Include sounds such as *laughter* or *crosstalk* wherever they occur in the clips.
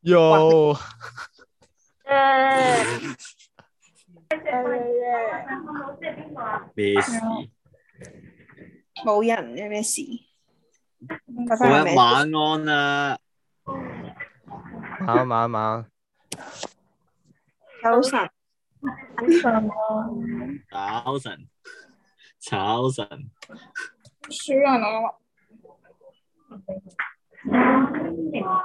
Yo！耶耶耶！busy，冇人有咩事？好，晚安啦，晚晚晚。早晨，早晨，早晨，收聲啦！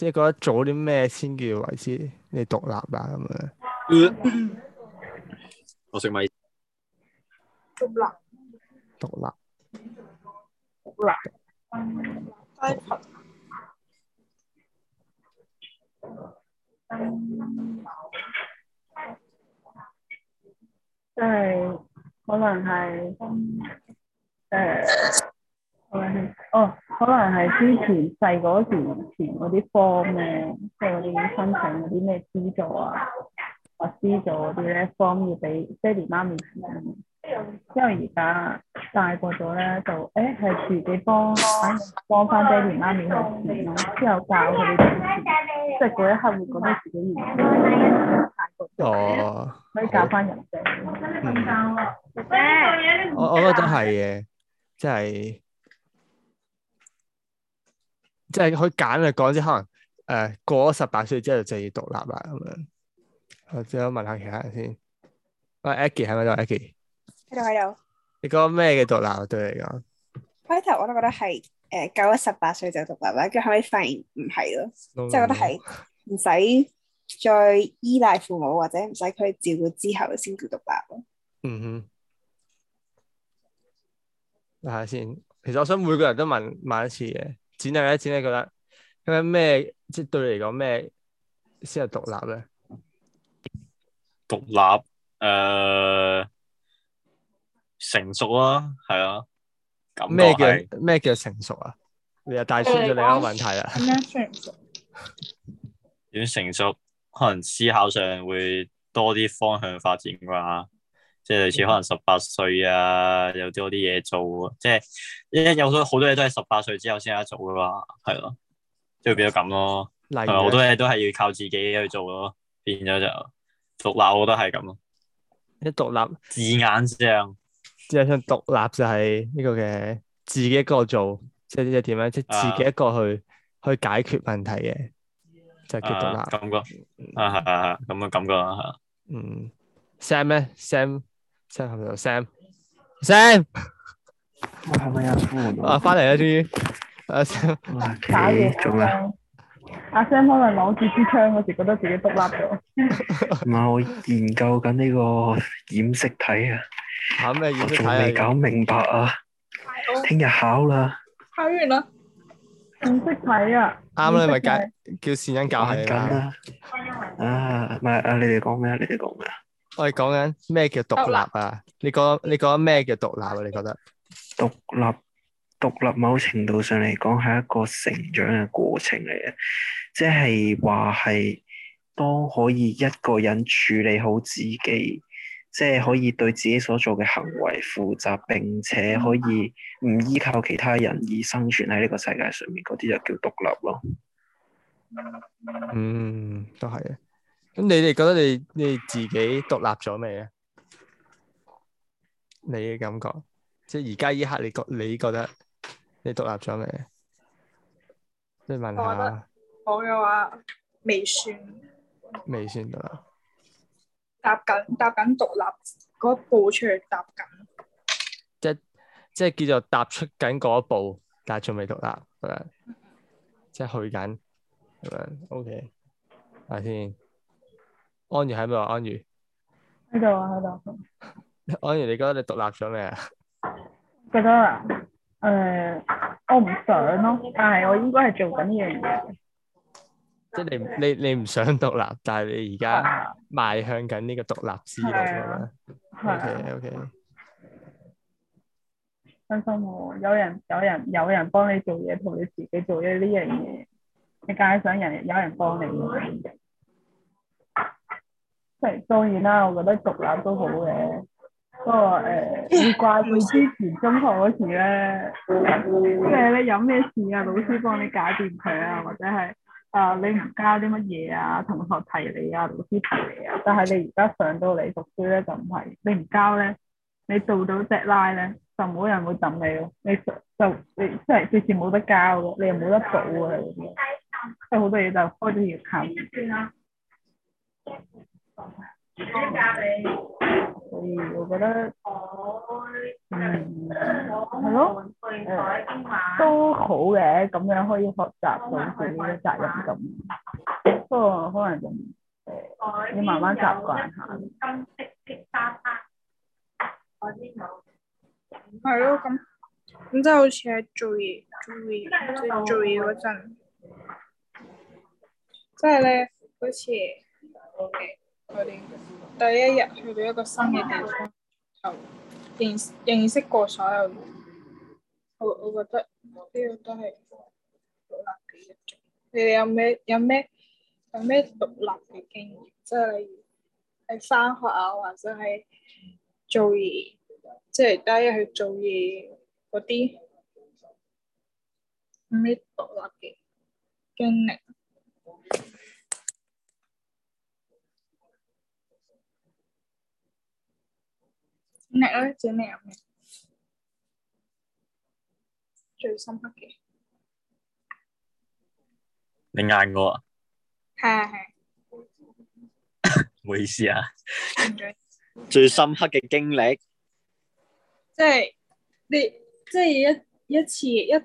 即係覺得做啲咩先叫為之你獨立啦咁樣。我食米。獨立。獨立。獨立。即係可能係誒。哦，可能係之前細嗰時填嗰啲 form 咧，即係嗰啲申請嗰啲咩資助啊、或資助嗰啲咧 form 要俾爹哋媽咪。因為而家大個咗咧，就誒係自己幫幫翻爹哋媽咪去填，之後教佢哋，即係嗰一刻會覺得自己完全大個咗，可以教翻人。我、嗯嗯我。我覺得咁我覺得都係嘅，即係。即係佢簡嚟講，即可能誒、呃、過咗十八歲之後就要獨立啦咁樣。我再問下其他人先。喂 Aggie 係咪喺度 Aggie？喺度喺度。你講咩嘅獨立對你嚟講？開頭我都覺得係誒，夠咗十八歲就獨立啦。跟住後尾發現唔係咯，即係、嗯、覺得係唔使再依賴父母或者唔使佢照顧之後先叫獨立咯。嗯哼。睇下先。其實我想每個人都問問一次嘅。展歷咧，展歷覺得因為咩？即係對你嚟講咩先係獨立咧？獨立誒、呃，成熟咯，係啊。咁咩、啊、叫咩叫成熟啊？你又帶出咗另一個問題啦。點成熟？點 *laughs* 成熟？可能思考上會多啲方向發展啩。即係類似可能十八歲啊，有多啲嘢做啊，即係一有咗好多嘢都係十八歲之後先得做噶嘛，係咯，就會變咗咁咯。好多嘢都係要靠自己去做咯，變咗就獨立、立，我都係咁咯。啲獨立字眼上，即係想獨立就係呢個嘅自己一個做，即係即係點樣，即、就、係、是、自己一個去、啊、去解決問題嘅，就叫獨立、啊、感覺。啊，係係係，咁嘅感覺啊。覺啊嗯，嗯，Sam 咧，Sam。新加坡有 Sam，Sam，我係咪有出門？啊，翻嚟啦，終於。阿 Sam 打完槍。阿 Sam 可能攞住支槍嗰時覺得自己獨立咗。唔係，我研究緊呢個染色體啊。考咩染色體？我仲未搞明白啊。聽日考啦。考完啦。染色體啊。啱啦，你咪教，叫善欣教緊啦。啊，唔係，阿你哋講咩啊？你哋講咩啊？我哋講緊咩叫獨立啊？你講你講咩叫獨立啊？你覺得獨立獨立，獨立某程度上嚟講係一個成長嘅過程嚟嘅，即係話係當可以一個人處理好自己，即係可以對自己所做嘅行為負責，並且可以唔依靠其他人而生存喺呢個世界上面，嗰啲就叫獨立咯。嗯，都係嘅。咁你哋覺得你你自己獨立咗未啊？你嘅感覺，即係而家依刻你覺你覺得你獨立咗未？即係問下我嘅話未算，未算得啦。踏緊踏緊獨立嗰步出去，踏緊即即係叫做踏出緊嗰一步，但係仲未獨立得啦， *laughs* 即係去緊咁樣。OK，睇下先。Okay. 看看安茹喺唔喺度？安茹喺度啊，喺度。安茹，你覺得你獨立咗未啊？覺得誒，我唔想咯，但係我應該係做緊呢樣嘢。即係你你你唔想獨立，但係你而家邁向緊呢個獨立之路啊！係啊，O K O K。真心喎，有人有人有人幫你做嘢，同你自己做嘢呢樣嘢，你梗係想人有人幫你。即係當然啦，我覺得獨立都好嘅。不過誒，要怪佢之前中學嗰時咧，即係咧有咩事啊，老師幫你搞掂佢啊，或者係啊你唔交啲乜嘢啊，同學提你啊，老師提你啊。但係你而家上到嚟讀書咧，就唔係你唔交咧，你做到只拉咧，就冇人會揼你咯。你就，就你即係之前冇得交咯，你又冇得補嘅、啊。即係好多嘢就開始要求啦。所以，我覺得，嗯，係咯、呃，都好嘅，咁樣可以學習到自己嘅責任感。不過，可能仲誒，要慢慢習慣下。金色的沙灘，我啲冇。係咯，咁，咁即係好似喺做嘢，做嘢，即係做嘢嗰陣，即係咧，嗯、好似。嗯，好第一日去到一個新嘅地方，頭認識認識過所有人，我我覺得呢個都係獨立嘅一種。你哋有咩有咩有咩獨立嘅經驗？即係喺返學啊，或者係做嘢，嗯、即係第一日去做嘢嗰啲咁嘅獨立嘅經歷。咩咧？除咩啊？除咗乜嘢？你嗌我啊？係係。唔好意思啊。 *laughs* *laughs* 最深刻嘅經歷，即係、就是、你即係、就是、一一次一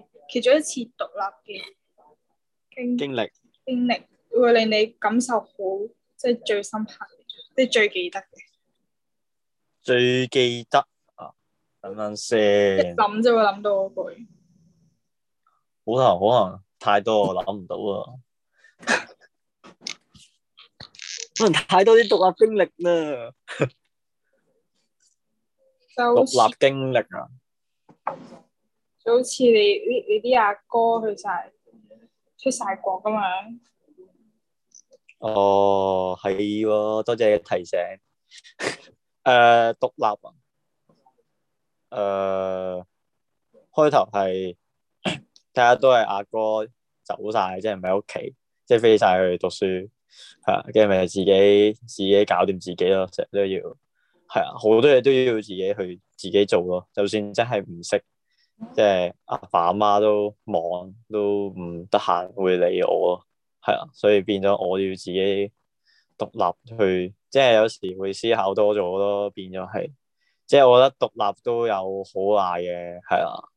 次其中一次獨立嘅經歷經歷歷會令你感受好即係、就是、最深刻即係最記得嘅。最記得啊！等等先，諗就會諗到嗰句，好難，好難，太多我諗唔到啊！可能 *laughs* 太多啲獨立經歷啦，獨立經歷啊！就好似你你啲阿哥、哥去晒出晒國咁樣。哦，係喎，啊，多謝你提醒。誒，獨、呃、立啊！誒、呃，開頭係大家都係阿哥，哥走晒，即係唔喺屋企，即係飛晒去讀書，係啊，跟住咪自己自己搞掂自己咯，成日都要係啊，好多嘢都要自己去自己做咯，就算真係唔識，即係阿爸阿媽都忙，都唔得閒會理我咯，係啊，所以變咗我要自己。獨立去，即係有時會思考多咗咯，變咗係，即係我覺得獨立都有好大嘅，係啊，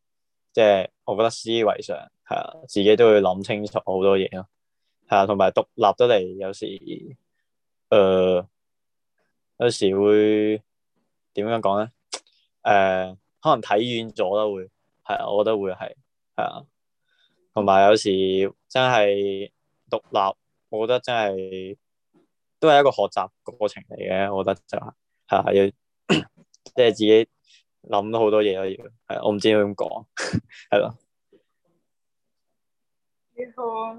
即係我覺得思維上係啊，自己都會諗清楚好多嘢咯，係啊，同埋獨立得嚟有時，誒、呃，有時會點樣講咧？誒、呃，可能睇遠咗啦，會係啊，我覺得會係係啊，同埋有時真係獨立，我覺得真係。都係一個學習過程嚟嘅，我覺得就係、係、係、 *coughs* 就係、 *laughs* 的啊，要即係自己諗咗好多嘢咯，要係啊，我唔知點講，係咯。你好，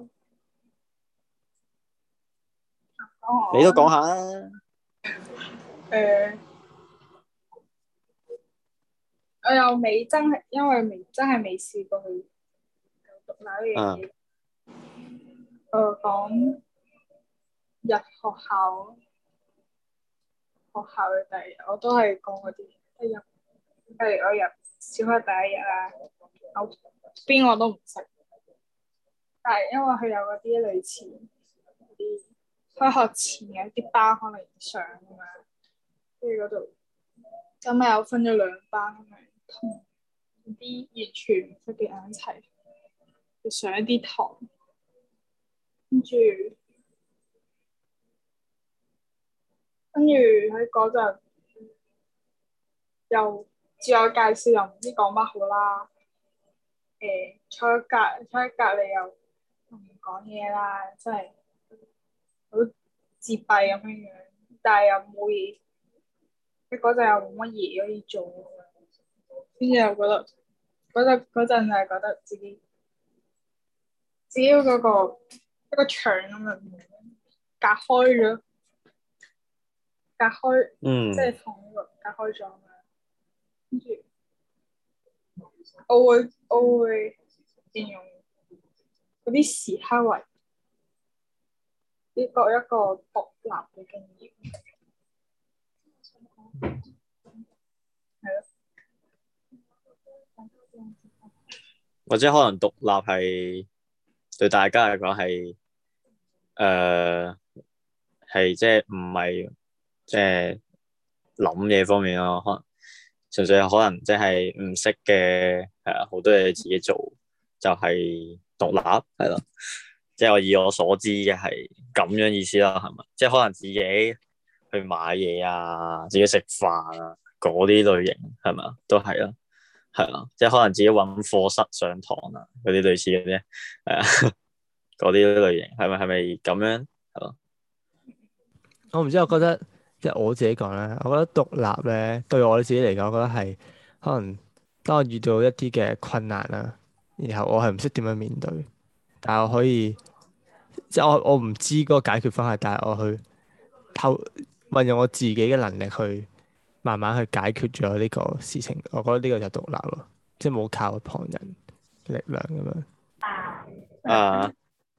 你好。你都講下誒，我又未真係，因為未真係未試過去。誒、啊，講、呃。入學校，學校嘅第二日，我都係講嗰啲，一係入，即係我入小學第一日啦，邊個都唔識，但係因為佢有嗰啲類似啲開學前嘅啲班，可能上咁樣，跟住嗰度，咁啊有分咗兩班，咁樣同啲完全唔識嘅人一齊去上一啲堂，跟住。跟住喺嗰陣又自我介紹又唔知講乜好啦，誒、呃、坐隔坐喺隔離又唔同人講嘢啦，真係好自閉咁樣樣，但係又冇嘢，喺嗰陣又冇乜嘢可以做，跟住又覺得嗰陣嗰陣就係覺得自己只要嗰個、嗰個、場一個牆咁樣隔開咗。隔開，嗯，即係同呢個隔開咗，跟住我會我會形容嗰啲時刻為一個一個獨立嘅經驗。係咯。或者可能獨立係對大家嚟講係誒係即係唔係？呃係即係諗嘢方面咯，可能純粹可能即係唔識嘅，係好多嘢自己做就係、是、獨立係咯，即係我以我所知嘅係咁樣意思咯，係咪？即係可能自己去買嘢啊，自己食飯啊，嗰啲類型係嘛，都係咯，係咯，即係可能自己搵課室上堂啊，嗰啲類似嗰啲，誒，嗰 *laughs* 啲類型係咪係咪咁樣？係咯，我唔知，我覺得。即係我自己講咧，我覺得獨立咧對我自己嚟講，我覺得係可能當我遇到一啲嘅困難啦，然後我係唔識點樣面對，但係我可以即係我我唔知個解決方法，但係我去透運用我自己嘅能力去慢慢去解決咗呢個事情，我覺得呢個就獨立咯，即係冇靠旁人力量咁樣啊！Uh.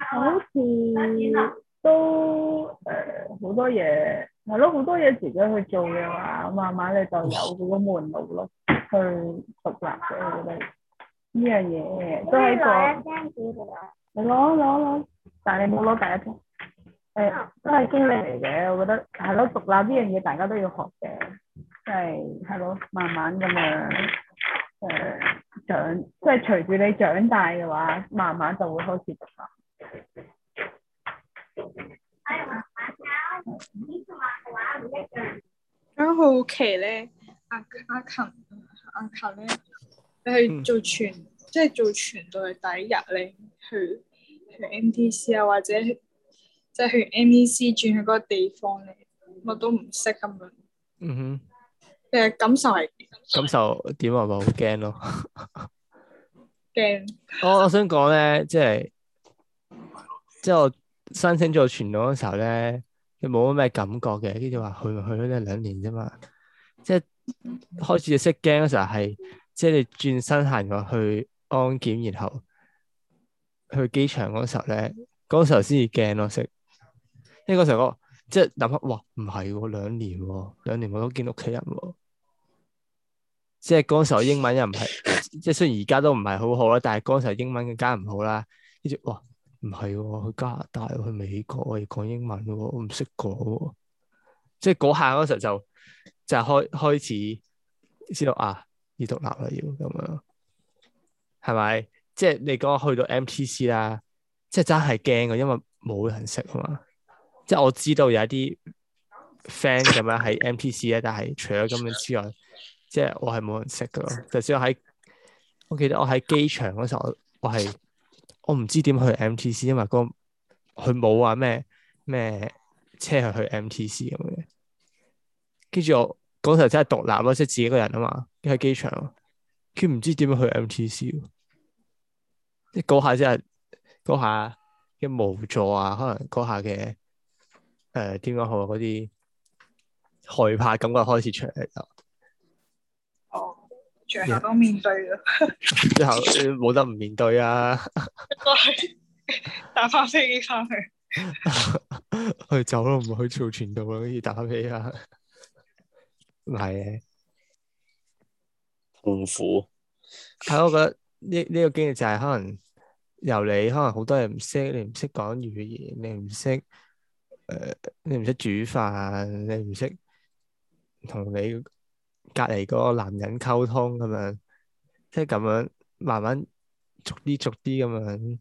好似都誒好、呃、多嘢，係咯，好多嘢自己去做嘅話，慢慢你就有咗個門路咯，去獨立嘅。我覺得呢樣嘢都係一個，你攞攞攞，但係你冇攞第一張。誒，都係經歷嚟嘅，我覺得係咯，獨立呢樣嘢大家都要學嘅，即係係咯，慢慢咁樣誒。呃長即係隨住你長大嘅話，慢慢就會開始讀。我好奇咧，阿阿勤阿勤咧，你去做傳即係做傳道嘅第一日，你去去 MTC 啊，或者即係去 MEC 轉去嗰個地方，你乜都唔識咁樣。嗯哼。誒，感受係感受點啊？咪好驚咯，驚！我我想講咧，即係即係我申請做傳道嗰時候咧，你冇乜咩感覺嘅。跟住話去咪去咯，即係兩年啫嘛。即係開始要識驚嗰時候係，即係你轉身行過去安檢，然後去機場嗰時候咧，嗰時候先至驚咯，即係嗰時候我即係諗下，哇，唔係兩年喎，兩年我都見屋企人喎。即係嗰時候英文又唔係，即係雖然而家都唔係好好啦，但係嗰時候英文更加唔好啦。跟住哇，唔係去加拿大、去美國，我要講英文嘅，我唔識講。即係嗰下嗰時候就就開開始知道啊，要獨立啦要咁樣，係咪？即係你講去到 MTC 啦，即係真係驚嘅，因為冇人識啊嘛。即係我知道有一啲 friend 咁樣喺 MTC 咧，但係除咗咁樣之外。即係我係冇人識噶咯，頭先我喺我記得我喺機場嗰時候，我係我唔知點去 MTC，因為、嗰個佢冇話咩咩車去去 MTC 咁嘅。跟住我嗰時候真係獨立咯，即係自己一個人啊嘛，喺機場，佢唔知點樣去 MTC，即嗰下真係嗰下嘅無助啊，可能嗰下嘅誒點講好嗰啲害怕感覺開始出嚟咯。哦，oh, 最後都面對啦， *laughs* *laughs* 最後冇得唔面對啊！打個係搭翻飛機翻去，去走咯，唔去做傳道咯，要打飛啦，係痛苦。係府， *laughs* 我覺得呢呢、這個經歷就係可能由你，可能好多人唔識，你唔識講語言，你唔識誒，你唔識煮飯，你唔識同你。隔籬嗰個男人溝通咁樣，即係咁樣慢慢逐啲逐啲咁樣，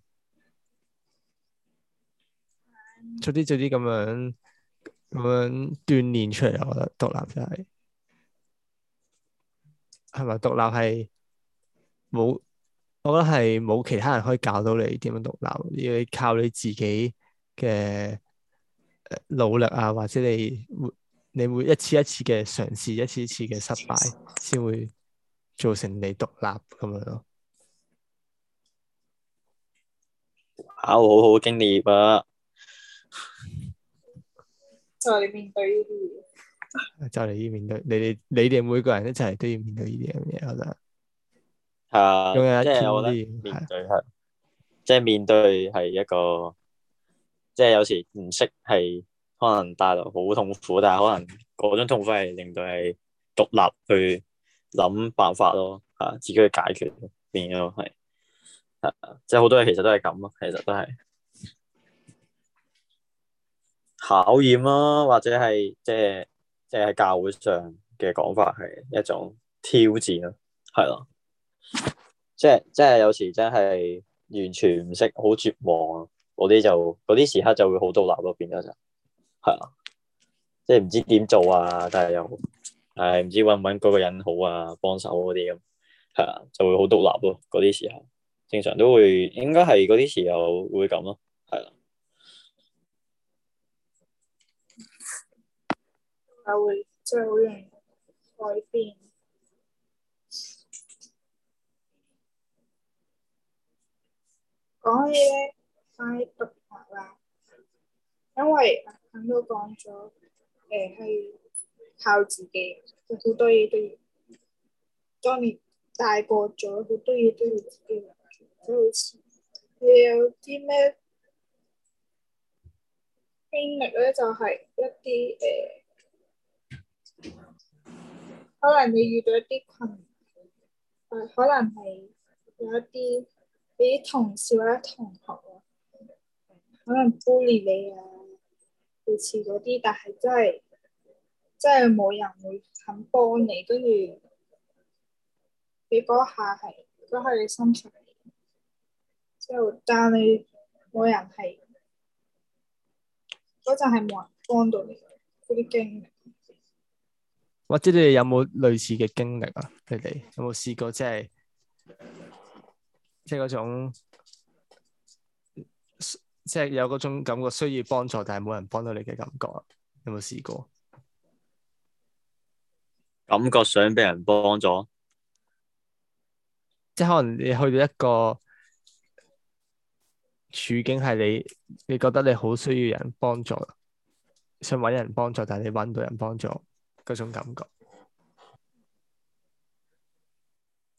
逐啲逐啲咁樣，咁樣鍛煉出嚟。我覺得獨立真係，係咪獨立係冇？我覺得係冇其他人可以教到你點樣獨立，要你靠你自己嘅誒努力啊，或者你。你會一次一次嘅嘗試，一次一次嘅失敗，先會造成你獨立咁樣咯。哇，好好好經驗啊！就係你面對呢啲嘢，就係你要面對你哋，你哋每個人一齊都要面對呢啲咁嘢，我覺得係啊，即係我覺得面對係，即係面對係一個，即係有時唔識係。可能帶來好痛苦，但係可能嗰種痛苦係令到係獨立去諗辦法咯，嚇自己去解決咯，變咗係即係好多嘢其實都係咁咯，其實都係考驗咯、啊，或者係即係即係教會上嘅講法係一種挑戰咯、啊，係咯，即係即係有時真係完全唔識，好絕望嗰啲就嗰啲時刻就會好獨立咯，變咗就是。係啊，即係唔知點做啊，但係又，唉，唔知搵唔搵嗰個人好啊，幫手嗰啲咁，係啊，就會好獨立咯、啊。嗰啲時候，正常都會，應該係嗰啲時候會咁咯、啊，係啦。都會即係好容易改變，講起咧，係獨立啦，因為。咁都講咗，誒、呃、係靠自己，好多嘢都要當你大個咗，好多嘢都要自己、呃。就好似你有啲咩經歷咧，就係一啲誒，可能你遇到一啲困、呃、可能係有一啲你啲同事或者同學啊，可能 bully 你啊。類似嗰啲，但係真係真係冇人會肯幫你，跟住你嗰下係都係你心上嚟。即係但係冇人係嗰陣係冇人幫到你，啲經歷。或者你哋有冇類似嘅經歷啊？你哋有冇試過即係即係嗰種？即係有嗰種感覺需要幫助，但係冇人幫到你嘅感覺，有冇試過？感覺想俾人幫助，即係可能你去到一個處境，係你你覺得你好需要人幫助，想搵人幫助，但係你搵到人幫助嗰種感覺。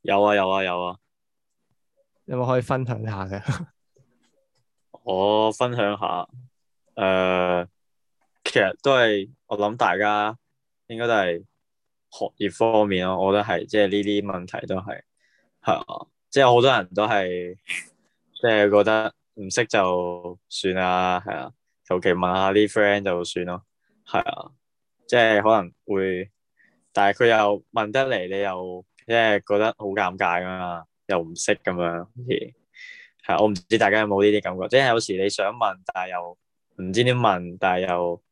有啊有啊有啊，有冇、啊啊、可以分享一下嘅？ *laughs* 我分享下，誒、呃，其實都係我諗大家應該都係學業方面咯，我覺得係即係呢啲問題都係係即係好多人都係即係覺得唔識就算啦，係啊，求其問下啲 friend 就算咯，係啊，即係可能會，但係佢又問得嚟，你又即係覺得好尷尬㗎嘛，又唔識咁樣，好似。係，我唔知大家有冇呢啲感覺，即係有時你想問，但係又唔知點問，但係又誒、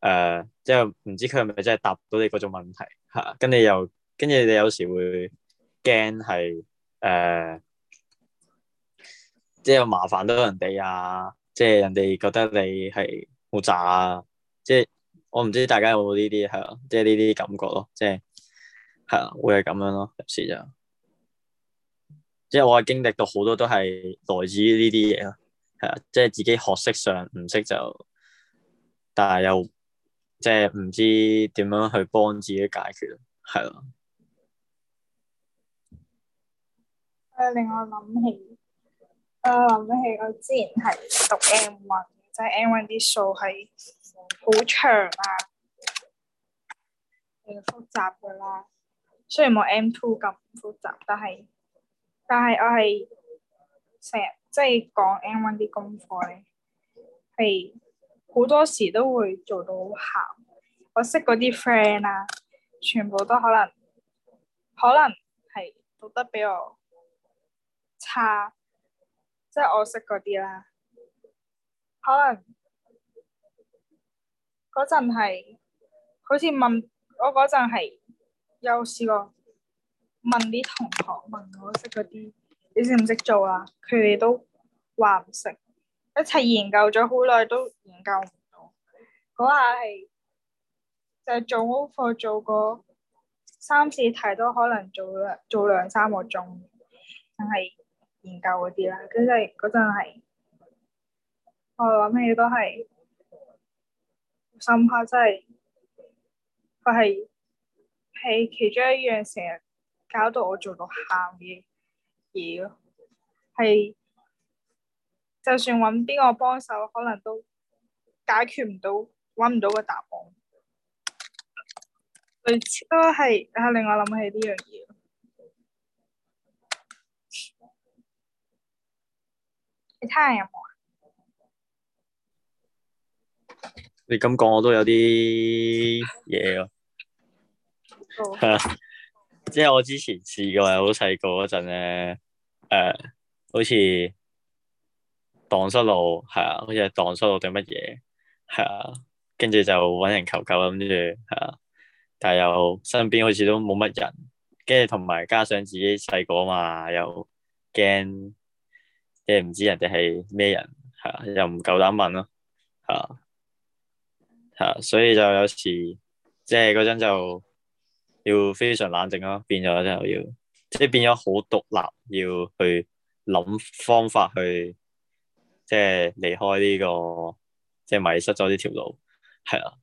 呃，即係唔知佢係咪真係答到你嗰種問題，吓，跟住又跟住你有時會驚係誒，即係麻煩到人哋啊，即係人哋覺得你係好渣啊，即係我唔知大家有冇呢啲，係咯，即係呢啲感覺咯，即係係啊，會係咁樣咯，有時就。因為我嘅經歷到好多都係來自於呢啲嘢咯，係啊，即係自己學識上唔識就，但係又即係唔知點樣去幫自己解決咯，係咯。誒、呃，令我諗起，呃、諗起，我諗起我之前係讀 M one 即係 M one 啲數係好長啊，好複雜噶啦。雖然冇 M two 咁複雜，但係。但係我係成日即係講 N one 啲功課咧，係好多時都會做到好喊。我識嗰啲 friend 啊，全部都可能可能係讀得比較差，即係我識嗰啲啦。可能嗰陣係好似問我嗰陣係有試過。問啲同學問我識嗰啲，你識唔識做啊？佢哋都話唔識，一齊研究咗好耐都研究唔到。嗰下係就係、是、做 O l 做個三次題都可能做兩做兩,做兩三個鐘，就係、是、研究嗰啲啦。跟係嗰陣係我諗起都係深刻真，真係佢係喺其中一樣成日。搞到我做到喊嘅嘢咯，係就算揾邊個幫手，可能都解決唔到，揾唔到個答案。最初係令我諗起呢樣嘢咯。有冇？係啊，你咁講，我都有啲嘢咯。係啊。即係我之前試過、呃，好細個嗰陣咧，誒好似蕩失路，係啊，好似係蕩失路定乜嘢，係啊，跟住就搵人求救，跟住係啊，但係又身邊好似都冇乜人，跟住同埋加上自己細個嘛，又驚，即係唔知人哋係咩人，係啊，又唔夠膽問咯，係啊，係啊，所以就有時即係嗰陣就。要非常冷靜咯，變咗就要，即係變咗好獨立，要去諗方法去，即係離開呢個，即係迷失咗呢條路，係啊，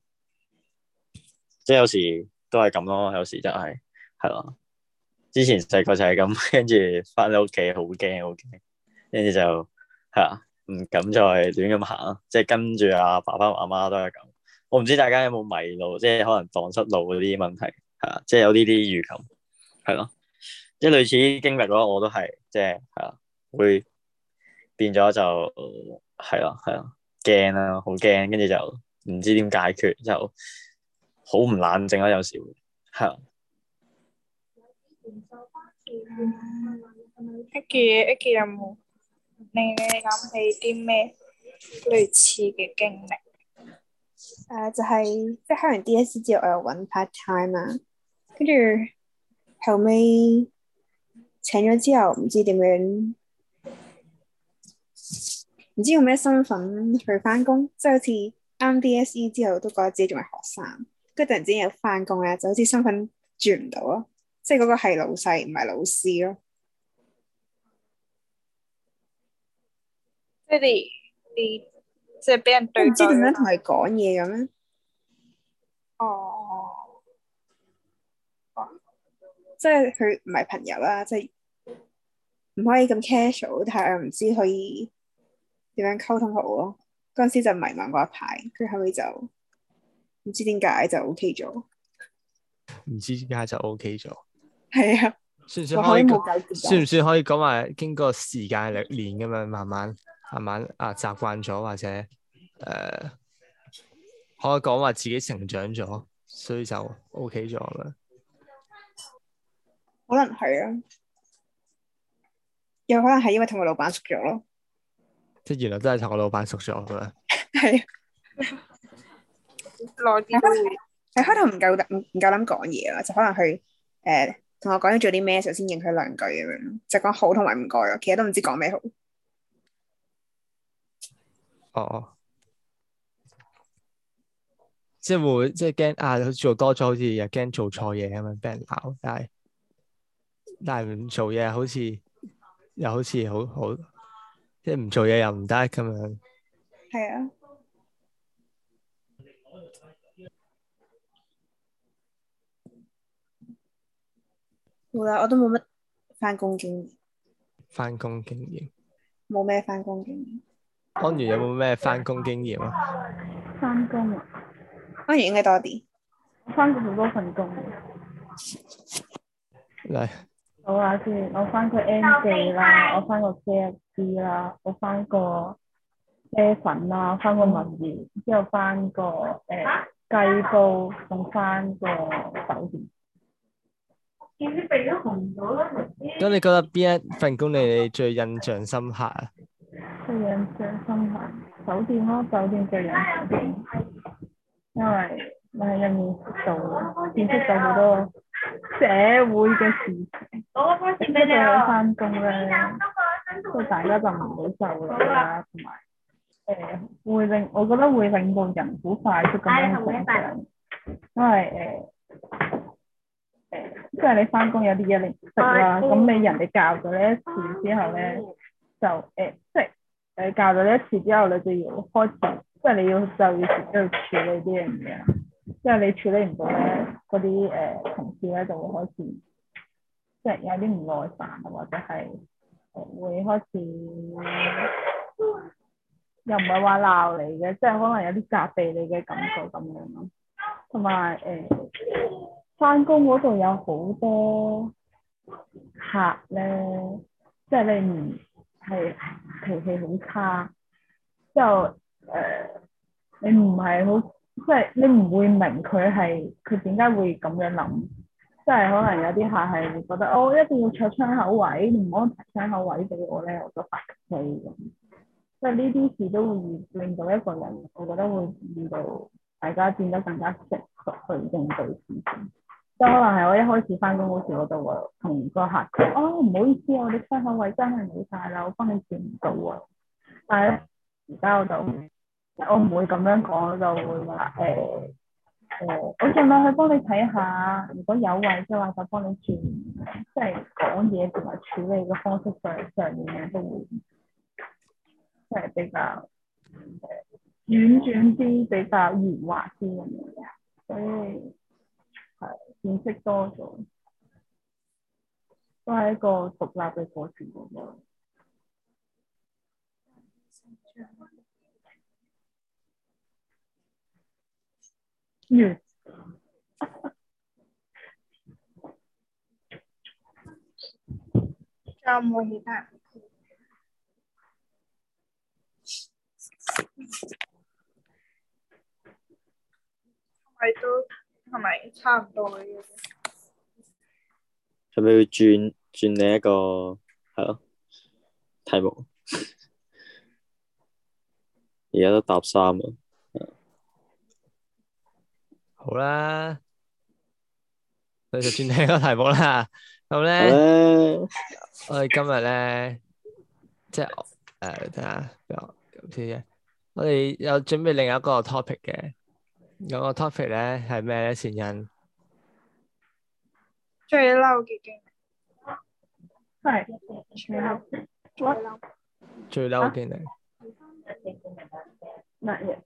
即係有時都係咁咯，有時真係，係咯，之前細個就係咁，跟住翻到屋企好驚好驚，跟住就係啊，唔敢再亂咁行咯，即係跟住阿爸爸媽媽都係咁，我唔知大家有冇迷路，即係可能蕩失路嗰啲問題。即係有呢啲預感，係咯，即係類似啲經歷嘅我都係即係係啊，會變咗就係啦，係啊，驚啦，好驚，跟住就唔知點解決，就好唔冷靜啦。有時會係啊。一嘅一嘅任務，令你諗起啲咩類似嘅經歷？誒，就係即係喺完 D.S.C. 之後，我又揾 part time 啊。跟住後尾請咗之後，唔知點樣，唔知用咩身份去翻工，即係好似啱 DSE 之後都覺得自己仲係學生，跟住突然之間又翻工咧，就好似身份轉唔到咯，即係嗰個係老細，唔係老師咯。即係你，你即係俾人對住唔知點樣同佢講嘢咁樣？即係佢唔係朋友啦，即係唔可以咁 casual，但係唔知可以點樣溝通好咯。嗰時就迷茫嗰一排，佢後尾就唔知點解就 OK 咗，唔知點解就 OK 咗。係啊，算唔算可以？算唔算可以講話經過時間歷練咁樣，慢慢慢慢啊習慣咗，或者誒、呃、可以講話自己成長咗，所以就 OK 咗啦。可能係啊，有可能係因為同個老闆熟咗咯，即係原來真係同個老闆熟咗咁樣。係 *laughs* 是啊，內點都會。喺開 *laughs* 頭唔夠唔唔夠膽講嘢啊，就可能去誒同我講咗做啲咩，首先應佢兩句咁樣，就講好同埋唔該咯。其實都唔知講咩好。哦哦，即係會唔會即係驚啊？做多咗好似又驚做錯嘢咁樣俾人鬧，但係。但係唔做嘢，好似又好似好好，即係唔做嘢又唔得咁樣。係啊，好啦，我都冇乜翻工經驗。翻工經驗？冇咩翻工經驗。安茹有冇咩翻工經驗啊？翻工啊？安茹應該多啲，翻咗好多份工。嚟。好啊，先，我翻個 M 記啦，我翻個 KFC 啦，我翻個 A 粉啦，翻個文員，嗯、之後翻個誒雞煲，仲、欸、翻個酒店。我見你鼻都紅咗啦。咁、嗯、你覺得邊一份工你最印象深刻啊？最印象深刻酒店咯，酒店、啊、最印象深刻，因為我喺入面識到，認識到好多，社會嘅事情，一到翻工咧，即係大家就唔好受了啦，同埋誒會令我覺得會令到人好快速咁樣成長，哎、因為誒誒、呃呃、即係你翻工有啲嘢你唔識啦，咁你、哎、人哋教咗你一次之後咧，嗯、就誒即係誒教咗你一次之後，你就要開始即係你要就要自己去處理啲嘢。因為你處理唔到咧，嗰啲誒同事咧就會開始，即係有啲唔耐煩啊，或者係會開始又唔係話鬧你嘅，即係可能有啲責備你嘅感覺咁樣咯。同埋誒，翻工嗰度有好多客咧，即係你唔係脾氣好差，之後誒你唔係好。即係你唔會明佢係佢點解會咁樣諗，即係可能有啲客係會覺得，我、哦、一定要坐窗口位，唔安窗口位俾我咧，我都白氣咁。即係呢啲事都會令到一個人，我覺得會令到大家變得更加直率去面對事情。即可能係我一開始翻工嗰時，我就話同個客：哦，唔好意思我啲窗口位真係冇晒啦，我幫你轉唔到啊，但係而家我就……即我唔會咁樣講，我就會話誒誒，我盡量去幫你睇下，如果有位，即係話就幫你轉，即係講嘢同埋處理嘅方式上上面嘅都會，即係比較誒婉、欸、轉啲，比較圓滑啲咁樣嘅，所以係見識多咗，都係一個獨立嘅過程嚟嘅。做乜嘢啊？我 *noise* 都同埋差唔多嘅，係咪要轉轉另一個係咯？題目而家都搭三啊！好啦，我哋就轉聽個題目啦。咁咧，我哋今日咧，即係誒，等下，我先嘅。我哋有準備另一個 topic 嘅，嗰個 topic 咧係咩咧？善人最嬲嘅經歷，係最嬲，最嬲，最嬲嘅經歷。唔係啊，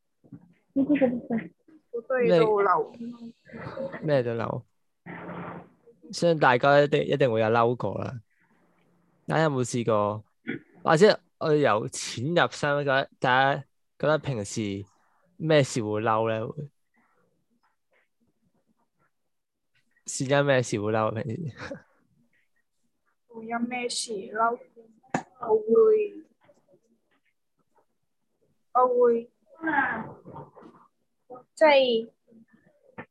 呢啲都唔使。咩都嬲，咩都嬲，相信大家一定一定會有嬲過啦。大家有冇試過？或者我由淺入深，覺得大家覺得平時咩事會嬲咧？是因咩事會嬲？平時有咩事嬲？我會，我會。嗯即係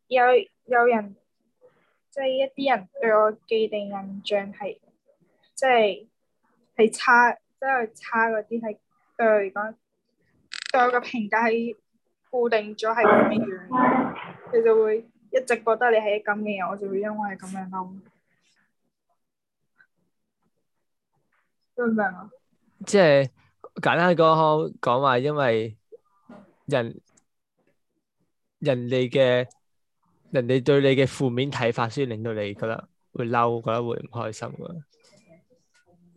有有人，即係一啲人對我既定印象係，即係係差，即係差嗰啲係對我嚟講，對我嘅評價係固定咗係咁嘅樣，佢就會一直覺得你係咁嘅人，我就會因為咁樣嬲，明唔明啊？即係簡單講講話，因為人。人哋嘅人哋對你嘅負面睇法，先令到你覺得會嬲，覺得會唔開心噶。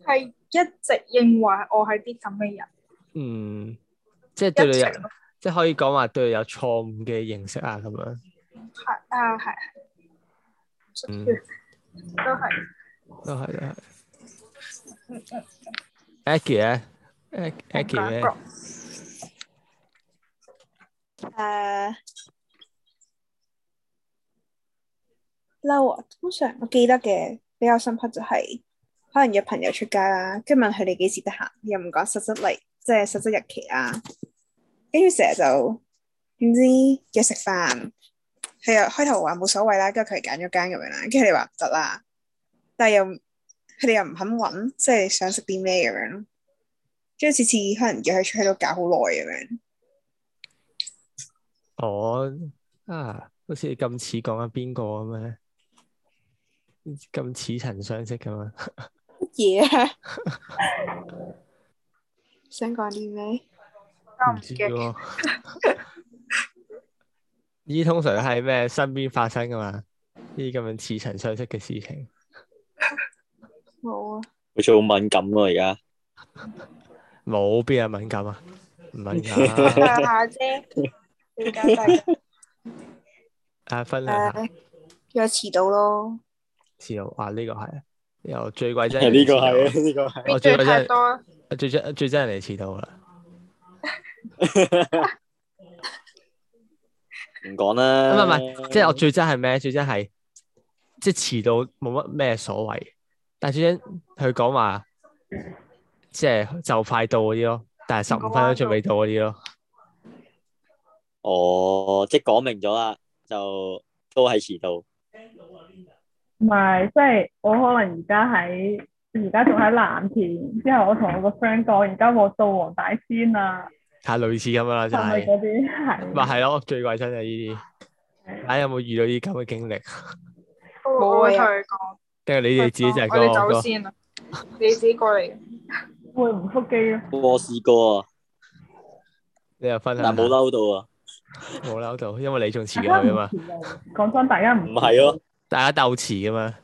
係一直認為我係啲咁嘅人。嗯，即係對你有，即係可以講話對你有錯誤嘅認識啊，咁樣。係啊，係。嗯，都係。都係都係。嗯嗯。Aggie 啊，阿 Aggie 啊。誒。通常我記得嘅比較深刻就係、是、可能約朋友出街啦，跟住問佢哋幾時得閒，又唔講實質嚟，即係實質日期啊。跟住成日就點知約食飯，係啊，開頭話冇所謂啦，跟住佢哋揀咗間咁樣啦，跟住佢哋話唔得啦，但係又佢哋又唔肯揾，即係想食啲咩咁樣咯。跟住次次可能約佢出去度搞好耐咁樣。哦，啊，好似你咁似講緊邊個咁樣？咁似曾相識噶嘛？乜嘢？想講啲咩？唔知喎。呢啲通常係咩？身邊發生噶嘛？呢啲咁樣似曾相識嘅事情，冇啊。好似好敏感咯，而家冇邊有敏感啊？敏感下啫，大家細。啊，分享下。又遲到咯～遲到啊！呢、這個係又最嬲，真係呢個係呢個係，我最嬲真係最真最真係嚟遲到啦！唔講啦，唔係唔係，即係我最真係咩？最真係即係遲到冇乜咩所謂，但係最真佢講話即係就快到嗰啲咯，但係十五分鐘仲未到嗰啲咯。哦，即係講明咗啦，就都係遲到。唔係，即係、就是、我可能而家喺，而家仲喺藍田。之後我同我個 friend 講，而家我到黃大仙啦。太類似咁樣啦，就係、是是真係。嗱，係、哎、咯，最鬼真係呢啲。睇有冇遇到啲咁嘅經歷？冇去過。定係你哋自己就係咁多。我哋走先啦，歌你自己過嚟，會唔復機啊？我試過，你又分享。冇嬲到啊！冇嬲到，因為你仲遲咗去啊嘛。講真，大家唔唔係咯。大家鬥遲噶嘛？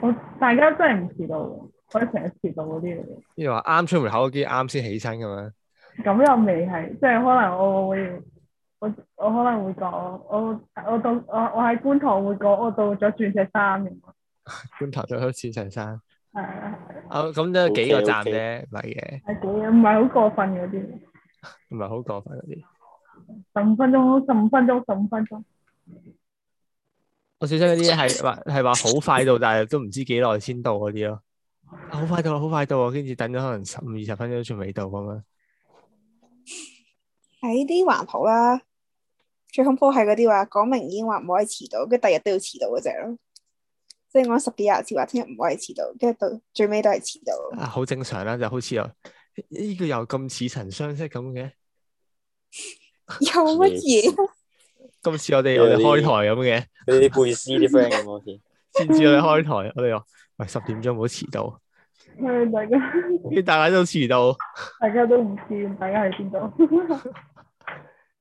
我大家真係唔遲到，我成日遲到嗰啲嚟。嘅，呢度話啱出門口嗰啲啱先起身噶嘛？咁又未係，即係可能我我我我可能會講我我到我我喺觀塘會講我到咗鑽石山嘅。觀塘到開始 *laughs* 上山。係啊、 *laughs* 哦。咁都有幾個站啫，唔係嘅。係幾唔係好過分嗰啲。唔係好過分嗰啲。十五分鐘，十五分鐘，十五分鐘。我最嬲嗰啲係話係話好快到，但係都唔知幾耐先到嗰啲咯。好、啊、快到，好快到，跟住等咗可能十五二十分鐘都仲未到咁啊。喺啲還好啦，最恐怖係嗰啲話講明已經話唔可以遲到，跟住第日都要遲到嗰隻咯。即係我十幾廿次話聽日唔可以遲到，跟住到最尾都係遲到。啊，好正常啦、啊，就好似又呢個又咁似曾相識咁嘅， *laughs* 有乜嘢麼？ *laughs* 今次我哋我哋開台咁嘅，你啲貝斯啲 friend 有冇 *laughs* 先？先至我哋開台，我哋話，喂十點鐘唔好遲到。大家。大家都遲到。大家都唔遲，大家係邊度？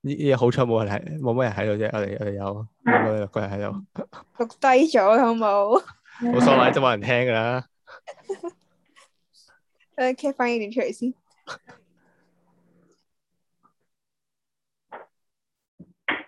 依依好彩冇人喺，冇乜人喺度啫。我哋我哋有，啊、我哋有六個人喺度。錄低咗好冇？冇所謂，都冇人聽噶啦。誒 cut 翻依段出嚟先。 *laughs*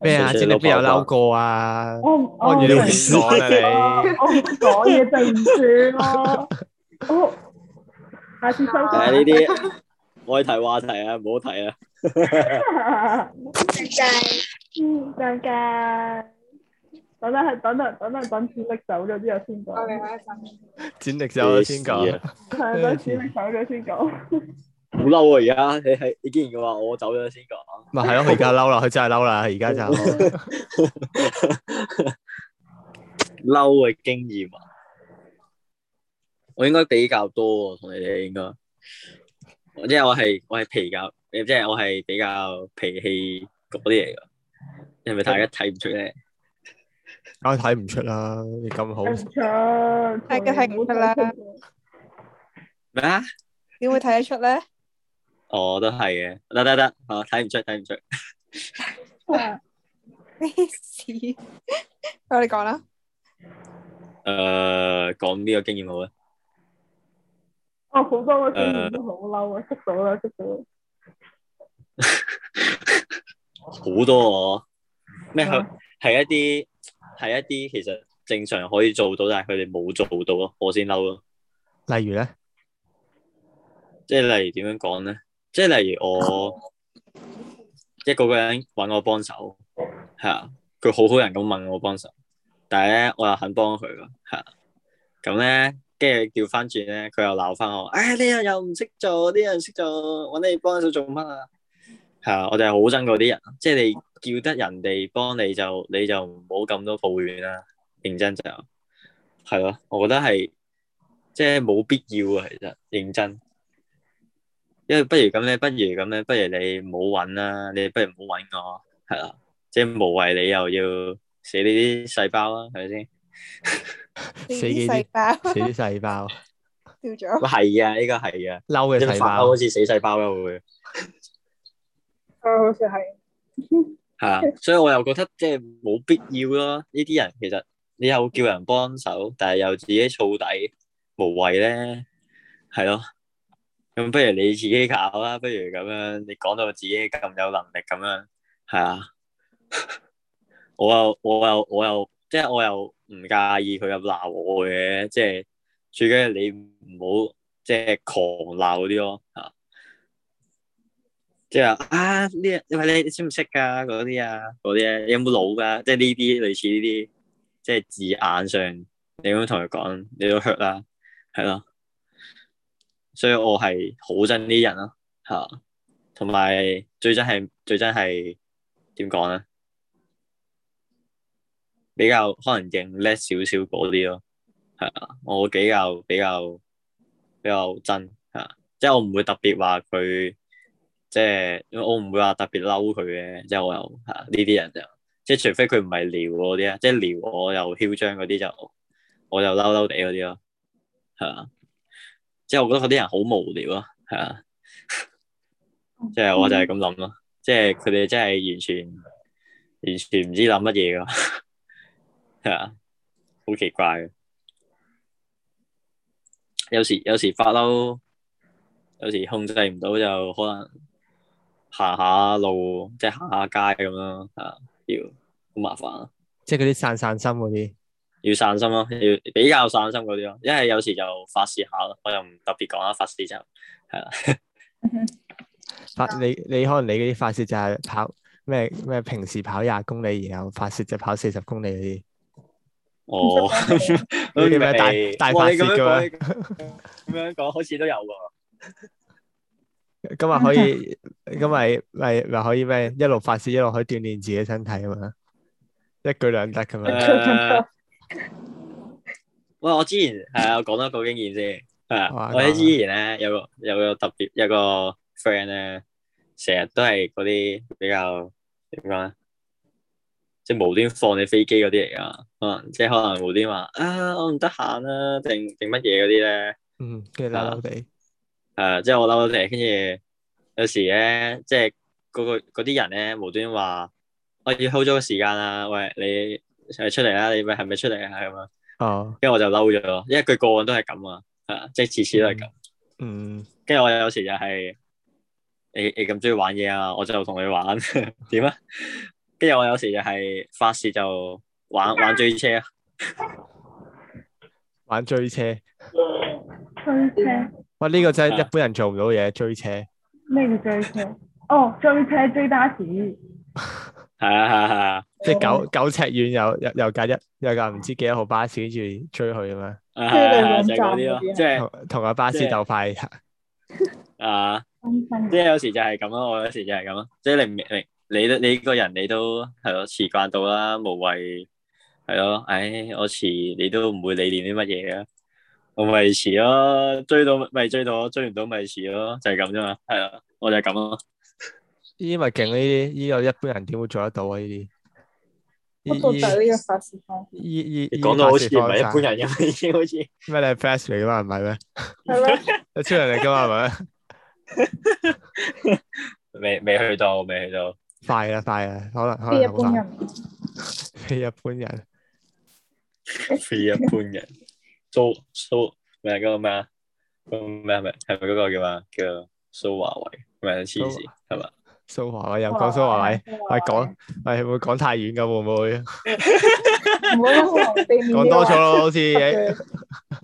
咩啊？今日邊有嬲過啊？我我亂講啦你，我唔講嘢就唔算咯。我下次收聲。誒呢啲愛提話題啊，唔好提啦。唔計唔計，等等係等等等等等剪力走咗之後先講。我哋喺度等。剪力走咗先講。係等剪力走咗先講。好嬲啊！而家你係你竟然話我走咗先講，咪係咯？佢而家嬲啦，佢真係嬲啦！而家就嬲嘅經驗啊，我應該比較多同你哋應該，即係我係我係比較，即係我係比較脾氣嗰啲嚟㗎，係咪大家睇唔出咧？梗係睇唔出啦！你咁好睇唔出，睇嘅睇唔出啦。咩啊？點會睇得出咧？我都係嘅，得得得，啊睇唔出睇唔出，咩事？我你講啦，誒，講呢個經驗好咧？哦，好多我經驗都好嬲啊，識到啦，識到，好多我咩係係一啲係一啲，其實正常可以做到，但係佢哋冇做到咯，我先嬲咯。例如咧，即係例如點樣講咧？即係例如我一個個人搵我幫手，係啊，佢好好人咁問我幫手，但係咧我又肯幫佢咯，係。咁咧，跟住叫翻轉咧，佢又鬧翻我，哎，你又又唔識做，啲人識做，搵你幫手做乜啊？係啊，我哋係好憎嗰啲人，即係你叫得人哋幫你就你就唔好咁多抱怨啦，認真就係咯，我覺得係即係冇必要啊，其實認真。因為不如咁咧，不如咁咧，不如你唔好揾啦，你不如唔好揾我，係啦，即係無謂你又要死呢啲細胞啦，係咪先？死細胞，死細胞，掉咗。哇，係啊，呢個係啊，嬲嘅細胞，好似死細胞咯會。啊、哦，好似係。係 *laughs* 啊，所以我又覺得即係冇必要咯，呢啲人其實你又叫人幫手，但係又自己燥底，無謂咧，係咯。咁不如你自己搞啦，不如咁樣，你講到自己咁有能力咁樣，係啊 *laughs* 我，我又我又、即係、我又即係我又唔介意佢咁鬧我嘅，即係最緊要你唔好即係狂鬧嗰啲咯，吓、啊，即係、啊呢，你話你識唔識噶嗰啲啊，嗰啲咧有冇腦噶，即係呢啲類似呢啲，即係字眼上，你咁樣同佢講，你都 hurt 啦，係咯、啊。所以我係好憎呢人咯，嚇，同埋最憎係最憎係點講咧？比較可能勁叻少少嗰啲咯，係啊，我比較比較比較真嚇，即係我唔會特別話佢，即係我唔會話特別嬲佢嘅，即係我又嚇呢啲人就，即係除非佢唔係撩我啲啊，即係撩我又囂張嗰啲就，我就嬲嬲地嗰啲咯，係啊。即係我覺得嗰啲人好無聊啊，係啊，即 *laughs* 係我就係咁諗咯，即係佢哋真係完全完全唔知諗乜嘢噶，係啊， *laughs* 是的 *laughs* 好奇怪嘅。 *laughs* 有時有時發嬲，有時控制唔到就可能行下路，即係行下街咁咯，係啊，要 *laughs* 好麻煩，即係嗰啲散散心嗰啲。要散心咯，要比較散心嗰啲咯。因為有時就發泄下咯，我又唔特別講啦。發泄就係啦。發 *laughs* *laughs* *laughs* 你你可能你嗰啲發泄就係跑咩咩，平時跑廿公里，然後發泄就跑四十公里嗰啲。哦， *laughs* 你哋咪大 *laughs* 大，大發泄嘅咩？咁樣講，好似都有喎。咁咪可以，咁咪咪咪可以咩？一路發泄，一路可以鍛，鍛鍊自己身體啊嘛！一舉兩得咁樣！ *laughs* *laughs* 喂，我之前係啊，我講多個經驗先，係哇啊，啊，我喺之前咧有個有個特別有個 friend 咧，成日都係嗰啲比較點講咧，即係無端放你飛機嗰啲嚟㗎，嗯，即係可能無端話啊，我唔得閒啊，定定乜嘢嗰啲咧，嗯，跟住嬲嬲地，誒，即係我嬲咗成，跟住有時咧，即係嗰個嗰啲人咧無端話，我要 hold 咗個時間啦，喂你。係出嚟啦，啊，你咪係咪出嚟係咁樣，哦，跟住我就嬲咗咯，因為佢過往都係咁啊，係啊，即係次次都係咁，嗯，嗯，跟住我有時就係，是，你你咁中意玩嘢啊，我就同你玩，點啊，跟住我有時就係發洩就玩玩追車，玩追車，追車，喂車，呢個真係一般人做唔到嘢，追車，咩叫追車？ *laughs* 哦，追車追巴士。 *laughs* 係啊係啊係啊，即係九九尺遠又又又隔一又隔唔知幾多號巴士跟住追佢咁樣，即係趕嗰啲咯，即係同個巴士鬥快啊，即係有時就係咁咯，我有時就係咁咯，即係你明唔明？你都你個人你都係咯，遲慣到啦，無謂係咯，唉，我遲你都唔會理念啲乜嘢嘅，我咪遲咯，追到咪追到，追唔到咪遲咯，就係咁啫嘛，係啊，我就係咁咯。依啲咪勁呢啲？依個一般人點會做得到啊？呢啲，我到底呢個法事方？依依講到好似唔係一般人，因為依啲好似咩嚟？Flash 嚟噶嘛？唔係咩？係咩？你超人嚟噶嘛？係咪？未未去到，未去到，快啦，快啦，可能可能好難。非一般人，非一般人，非一般人，蘇蘇，咩嗰個咩啊？個咩係咪係咪嗰個叫嘛？叫蘇樺偉咪黐線係嘛？蘇話咪又講蘇話咪，係講係會講太遠噶會唔會？唔好，講多咗咯，好似。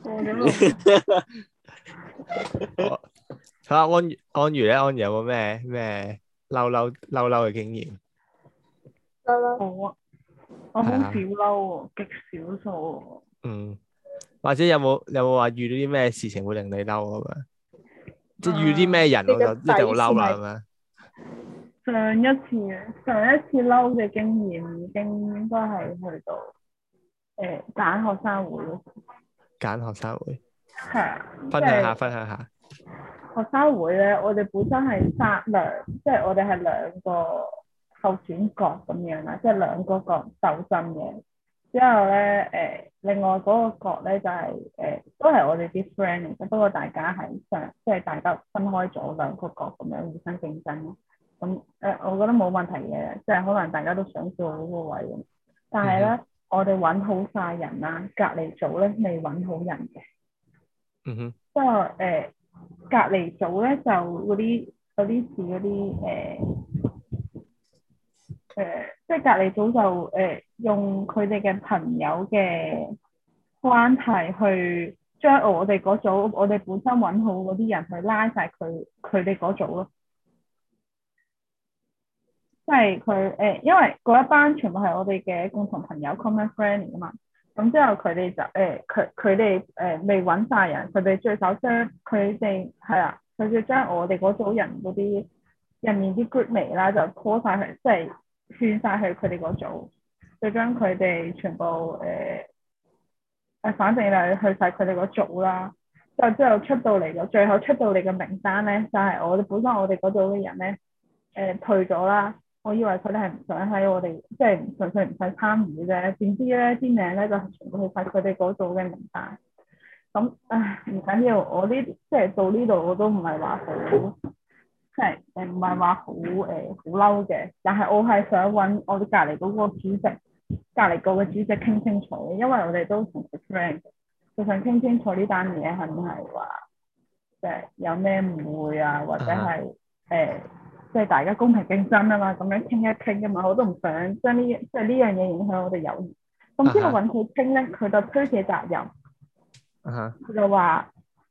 哦，咁咯。好啊，安安茹咧，安茹有冇咩咩嬲嬲嬲嬲嘅經驗？嬲嬲，冇啊！我好少嬲，極少數啊。嗯。或者有冇有冇話遇到啲咩事情會令你嬲咁啊？即係遇啲咩人我就一定好嬲啦，咁樣？上一次上一次嬲嘅經驗已經應該係去到誒揀、欸、學生會嗰時，揀學生會係啊，對是分享下，分享下。學生會咧，我哋本身係三兩，即、就、係、是、我哋係兩個候選角咁樣啦，即、就、係、是、兩個角鬥爭嘅。之後咧，誒、欸、另外嗰個角咧就係、是、誒、欸、都係我哋啲 friend 嚟嘅，不過大家係上即係、就是、大家分開咗兩個角咁樣互相競爭咯。咁誒、嗯，我覺得冇問題嘅，即、就、係、是、可能大家都想做嗰個位，但係咧，mm hmm. 我哋揾好晒人啦，隔離組咧未揾好人嘅。嗯哼、mm。即係誒，隔離組咧就嗰啲嗰啲似嗰啲誒誒，即係隔離組就誒、呃、用佢哋嘅朋友嘅關係去將我哋嗰組，我哋本身揾好嗰啲人去拉晒佢佢哋嗰組咯。即係佢誒，因為嗰一班全部係我哋嘅共同朋友 common friend 嚟噶嘛，咁主持人之後佢哋就誒佢佢哋誒未揾晒人，佢哋最首先，佢哋係啦，佢就將我哋嗰組人嗰啲人面啲 group member 啦，就 call 曬係即係轉晒去佢哋嗰組，就將佢哋全部誒誒、欸，反正去就去晒佢哋嗰組啦。之後之後出到嚟嘅最後出到嚟嘅名單咧，就係、是、我本身我哋嗰組嘅人咧誒、欸、退咗啦。我以為佢哋係唔想喺我哋，即係純粹唔使參與啫。點知咧，啲名咧就是、全部去曬佢哋嗰度嘅名單。咁、嗯、唉，唔緊要，我呢即係到呢度我都唔係話好，即係誒唔係話好誒好嬲嘅。但係我係想揾我哋隔離嗰個主席，隔離嗰個主席傾清楚，因為我哋都同佢 friend，佢想傾清楚呢單嘢係唔係話即係有咩誤會啊，或者係誒。欸即係大家公平競爭啊嘛，咁樣傾一傾啊嘛，我都唔想將呢即係呢樣嘢影響我哋友誼。咁之後揾佢傾咧，佢就推卸責任。佢、uh huh. 就話：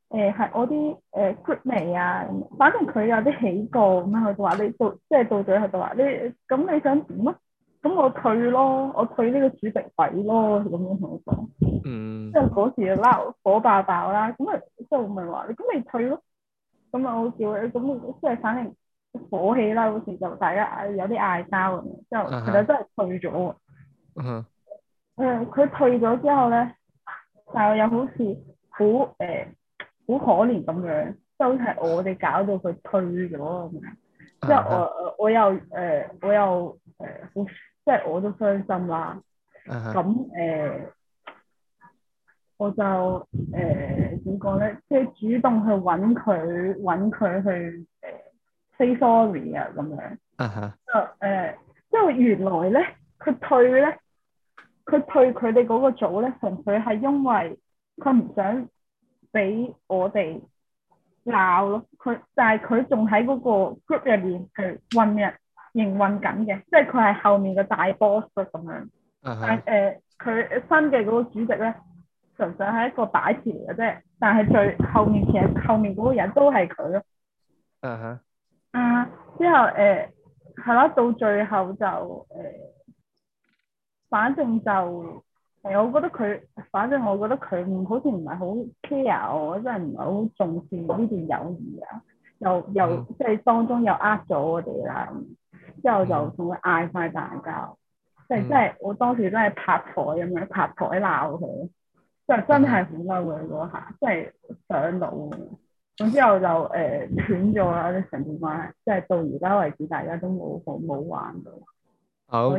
誒、欸、係我啲誒 group 未啊，反正佢有啲起過咁、嗯就是、樣，佢就話你到，即係到咗，佢就話你咁你想點啊？咁我退咯，我退呢個主席位咯，咁樣同我講。嗯。即係嗰時鬧火爆爆啦，咁啊即係我咪話你咁你退咯，咁啊我叫你咁即係反正。火氣啦，好似就大家嗌有啲嗌交咁，之後其實真係退咗喎。嗯、uh。佢、huh. 呃、退咗之後咧，但係又好似好誒好可憐咁樣，即係好似係我哋搞到佢退咗咁樣。之後我我又誒我又誒好即係我都傷心啦。啊哈。咁誒我就誒點講咧？即、呃、係、就係、主動去揾佢揾佢去誒。s sorry 啊咁樣，啊哈、uh，啊、huh. 誒，之後原來咧，佢退咧，佢退佢哋嗰個組咧，純粹係因為佢唔想俾我哋鬧咯。佢但係佢仲喺嗰個 group 入面，佢混人營運緊嘅，即係佢係後面嘅大 boss 咯咁樣。但係誒，佢新嘅嗰個主席咧，純粹係一個擺設嚟嘅啫。但係最後面其實後面嗰個人都係佢咯。啊哈、uh。Huh. 嗯，之後誒係啦，到最後就誒、欸，反正就誒、欸，我覺得佢，反正我覺得佢好似唔係好 care 我，真係唔係好重視呢段友誼啊，又又即係、嗯、當中又呃咗我哋啦，之後就同佢嗌曬大交，即係、嗯、真係、嗯、我當時真係拍台咁樣拍台鬧佢，真係真係好嬲佢嗰下，真係上腦。總之我就誒斷咗啦啲成段關係啊，即、呃、係 *laughs* 到而家為止，大家都冇冇玩到。好。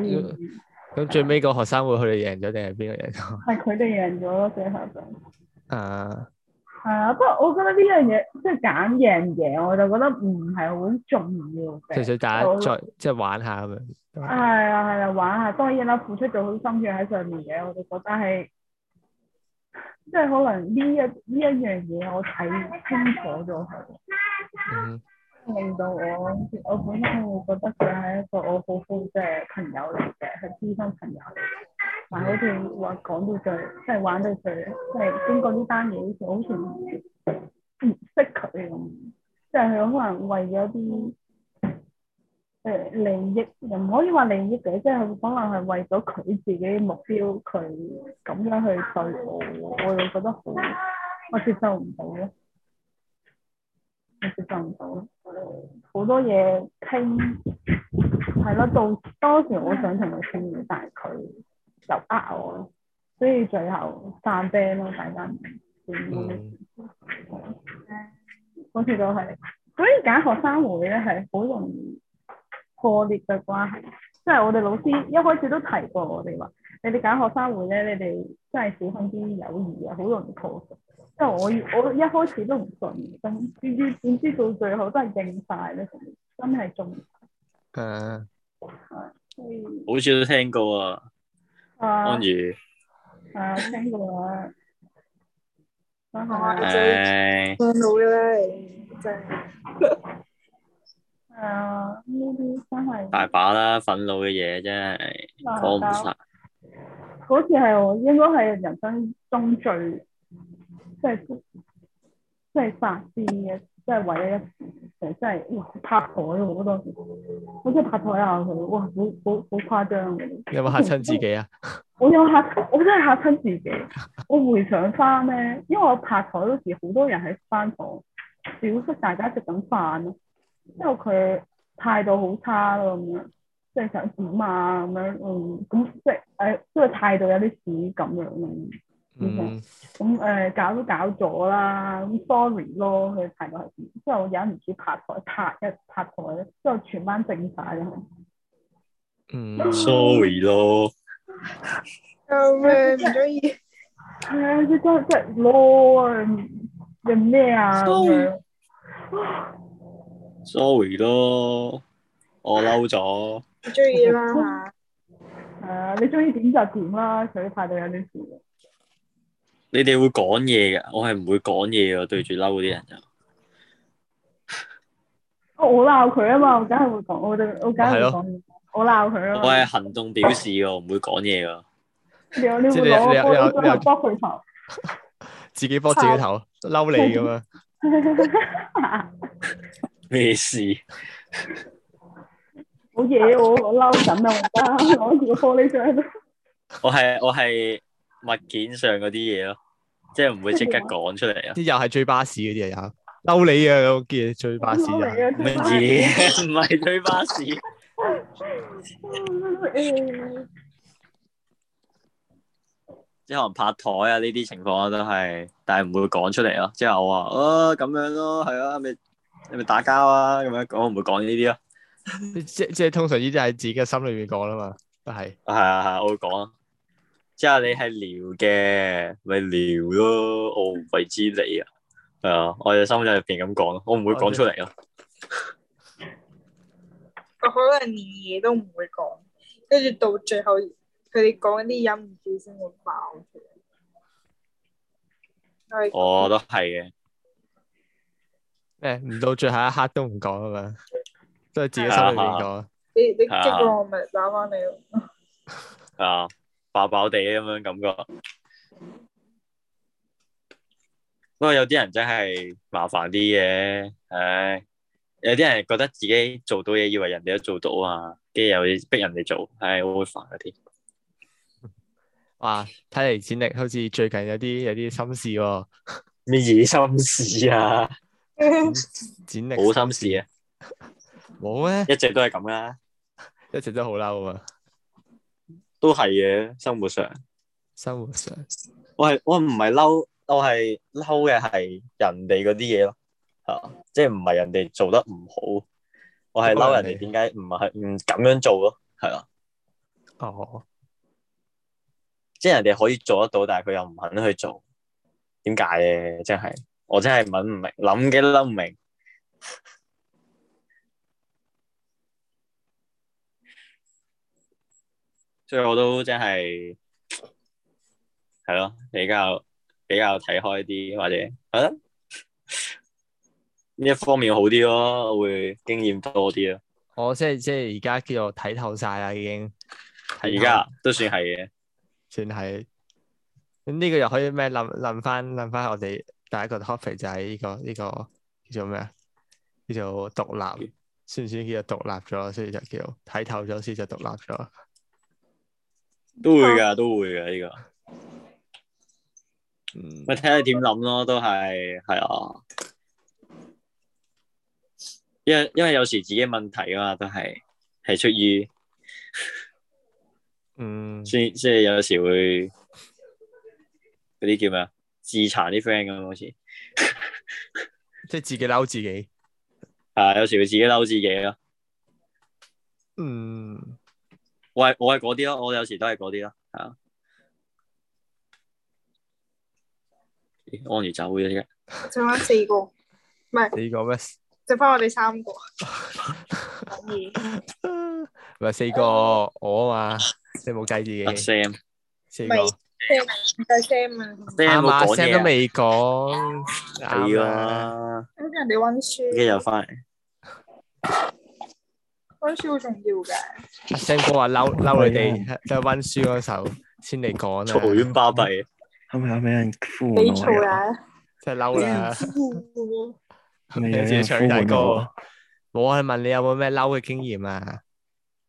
咁最尾個學生會佢哋贏咗定係邊個贏咗？係佢哋贏咗咯，最後嘅。啊。係啊，不過我覺得呢樣嘢即係揀贏唔贏，我就覺得唔係好重要。其實大家再我即係玩下咁樣。係啊係啊，啊，玩下當然啦，付出咗好心血喺上面嘅，我就覺得係。即係可能呢一呢一樣嘢，我睇清楚咗佢，mm hmm. 令到我我本身會覺得佢係一個我好好嘅朋友嚟嘅，係知心朋友嚟嘅，但好似話講到最，即係玩到最，即係經過呢單嘢，好似好似唔識佢咁，即係佢可能為咗啲。誒、呃、利益又唔可以話利益嘅，即係可能係為咗佢自己目標，佢咁樣去對我，我又覺得好，我接受唔到咯，我接受唔到，好多嘢傾，係咯，到當時我想同佢傾嘅，但係佢又呃我，所以最後散 band 咯，大家唔傾。好似都係，所以揀學生會咧係好容易。破裂嘅關係，即係、就是、我哋老師一開始都提過我哋話，你哋搞學生會咧，你哋真係小心啲友誼啊，好容易破碎。即係我我一開始都唔信，點知點知到最後都係應晒咧，真係中。係。係的。以好似聽過啊！安茹如。係啊，聽過 *laughs* 啊，最辛苦嘅咧，真係。係啊，呢啲、啊、真係大把啦，憤怒嘅嘢真係講唔晒。嗰次係我應該係人生中最即係即係發癲嘅，即係為咗一成、就是哎、真係哇拍台，好多時好真拍台下佢，哇好好好誇張。誇張，你有冇嚇親自己啊？我有吓，我真係嚇親自己。我回想翻咧，因為我拍台嗰時好多人喺班房，小叔大家食緊飯咯。因為佢態度好差咯，咁、就是、樣即係想點啊咁樣，嗯，咁即係誒，即係態度有啲似咁樣咯。嗯，咁誒、欸、搞都搞咗啦，咁 sorry 咯，佢態度係點？之後我忍唔住拍台，拍一拍台，之後全班靜晒。啦、嗯。嗯，sorry 咯。救命唔可以，係啊，即係即係 no，人咩啊？ *laughs* Sorry 咯，我嬲咗。 *laughs* *laughs* 你中意啦係啊，你中意點就點啦，佢態度有啲事。你哋會講嘢嘅，我係唔會講嘢噶，對住嬲嗰啲人就。 *laughs* 我鬧佢啊嘛，我梗係會講，我我梗係我鬧佢啊。我係、哦、行動表示噶，我唔 *laughs* 會講嘢噶。你你會攞塊磚嚟卜佢頭？ *laughs* 自己卜自己頭，嬲 *laughs* 你噶嘛？ *laughs* *laughs* 咩事？冇 *laughs* 嘢 *laughs* 我我嬲緊啊，我而家攞住個玻璃樽。我係我係物件上嗰啲嘢咯，就是、即係唔會即刻講出嚟啊！又係追巴士嗰啲嘢啊，又嬲你啊！我見你追巴士又咩嘢？唔係是 *laughs* 追巴士，即係 *laughs* *laughs* 可能拍台啊呢啲情況啊都係，但係唔會講出嚟咯。即、就、係、是、我話哦，咁樣咯，係啊，咪、啊。你咪打交啊！咁樣講我唔會講呢啲咯，即即係通常呢啲喺自己嘅心裏面講啦嘛，係係係我會講啊，即係你係聊嘅，咪聊咯，我未知你啊，係啊，我嘅心就入邊咁講咯，我唔會講出嚟咯，我可能連嘢都唔會講，跟住到最後佢哋講啲忍唔住先會爆出嚟，係我都係嘅。誒，唔，欸、到最後一刻都唔講啊嘛，都係自己心入邊講你、啊、你呢我咪打翻你咯， *laughs* 啊爆爆地咁樣感覺。不過有啲人真係麻煩啲嘅，唉，啊，有啲人覺得自己做到嘢，以為人哋都做到做啊，跟住又要逼人哋做，係我會煩嗰啲。哇，睇嚟展歷好似最近有啲有啲心事喎，咩嘢心事啊？ *laughs* 展歷冇心事啊，冇啊 *laughs* 嗎，一直都係咁啦，一直都好嬲啊，都係嘅生活上，生活上，活上我係我唔係嬲，我係嬲嘅係人哋嗰啲嘢咯，啊，即係唔係人哋做得唔好，我係嬲人哋點解唔係唔咁樣做咯，係啊，哦，即係人哋可以做得到，但係佢又唔肯去做，點解嘅？即係。我真係搵唔明，諗嘅都諗唔明， *laughs* 所以我都真係係咯，比較比較睇開啲，或者呢、啊、 *laughs* 一方面好啲咯、哦，我會經驗多啲咯。我即係即係而家叫做睇透晒啦，已經。係而家都算係嘅，算係咁呢個又可以咩諗諗翻諗翻我哋。第一個 topic 就係呢、呢個呢、呢個叫做咩啊？叫做獨立，算唔算叫做獨立咗？所以就叫睇透咗先，就獨立咗。都會嘅，都會嘅呢個。嗯，咪睇下點諗咯，都係係啊。因為因為有時自己問題啊嘛，都係係出於 *laughs* 嗯，即即係有時會嗰啲叫咩啊？自殘啲 friend 咁，好似即係自己嬲自己，啊，有時會自己嬲自己咯。嗯，我係我係嗰啲咯，我有時都係嗰啲咯，係、哎哎、安茹走咗依家，剩翻四個，唔 *laughs* 係四個咩？剩翻我哋三個，唔 *laughs* 係 *laughs* 四個 *laughs* 我嘛？你冇計住自己，四三，四個。聽唔聽 game 啊？阿媽聲都未講，係啊。咁人哋溫書，跟住又翻嚟。溫書好重要嘅。聲哥話嬲嬲你哋，即係溫書嗰時候先嚟講啊！嘈冤巴閉，係咪有咩人你嘈啊？真係嬲啦！係咪有啲人唱大歌？冇啊！問你有冇咩嬲嘅經驗啊？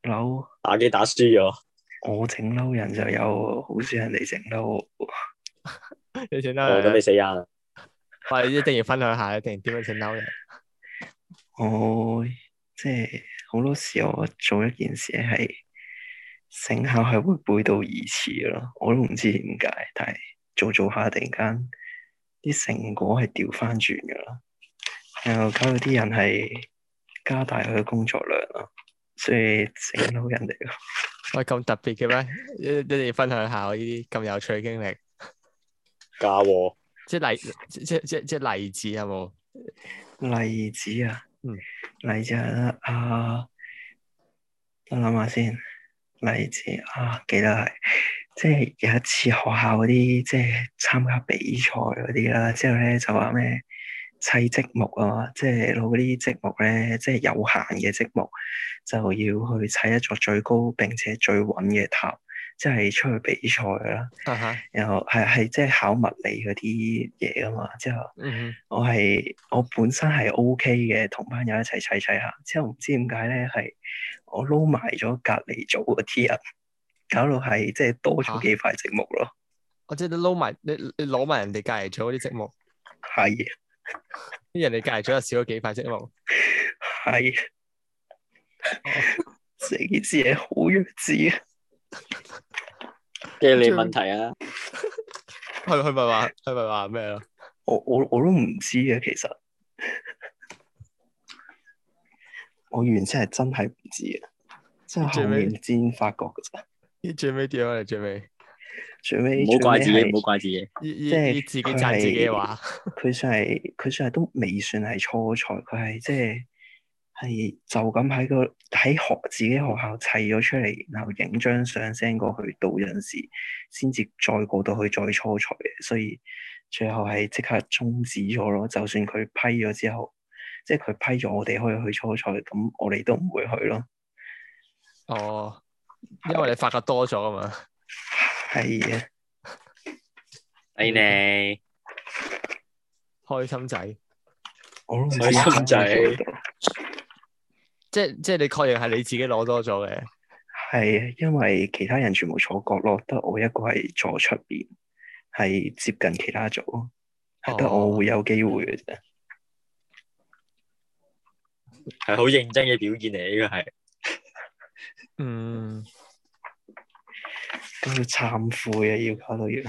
嬲，打機打輸咗。我整嬲人就有，好少人嚟整嬲。你整嬲人，咁你死啦。 *laughs* *laughs* 我一定要分享下，一定要點樣整嬲人。我即係好多時我做一件事係成效係會背道而馳咯，我都唔知點解，但係做做下突然間啲成果係掉翻轉噶啦，然後搞到啲人係加大佢嘅工作量咯，所以整嬲人哋咯。 *laughs* 喂，咁、哎、特別嘅咩？ *laughs* 你哋分享下我呢啲咁有趣嘅經歷，加喎 *laughs* 即係例，即係即係即係例子有冇？是是例子啊，嗯、例子啊，啊，我諗下先，例子啊，記得係即係有一次學校嗰啲即係參加比賽嗰啲啦，之後咧就話咩？砌積木啊，即係攞啲積木咧，即係有限嘅積木，就要去砌一座最高並且最穩嘅塔，即係出去比賽啦。啊哈！然後係係即係考物理嗰啲嘢啊嘛。之後我係我本身係 OK 嘅，同班友一齊砌，一砌下之後，唔知點解咧係我撈埋咗隔籬組嗰啲人，搞到係即係多咗幾塊積木咯、啊。我即係你撈埋你你攞埋人哋隔籬組嗰啲積木係。 *laughs* *laughs* 啲人哋隔咗，少咗幾塊積木，係成件事好弱智啊！嘅 *laughs* 你的問題啊？佢佢咪話佢咪話咩啦？我我我都唔知嘅，其實我原先係真係唔知嘅，即係後面先發覺噶啫。你最尾點呀你最尾。最最尾，唔好怪自己，唔好怪自己，即係自己砌自己嘅話，佢算係，佢算係都未算係初賽，佢係即係係就咁喺個喺學自己學校砌咗出嚟，然後影張相 send 過去到陣時，先至再過到去，去再初賽嘅，所以最後係即刻終止咗咯。就算佢批咗之後，即係佢批咗我哋可以去初賽，咁我哋都唔會去咯。哦，因為你發覺多咗啊嘛。係啊，係你、哎、呢開心仔，我唔開心仔，即係即係你確認係你自己攞多咗嘅。係、啊、因為其他人全部坐角落，得我一個係坐出邊，係接近其他組，係得我會有機會嘅啫。係好、哦、認真嘅表現嚟、啊，呢、呢個係 *laughs* 嗯。咁要懺悔啊！要搞到要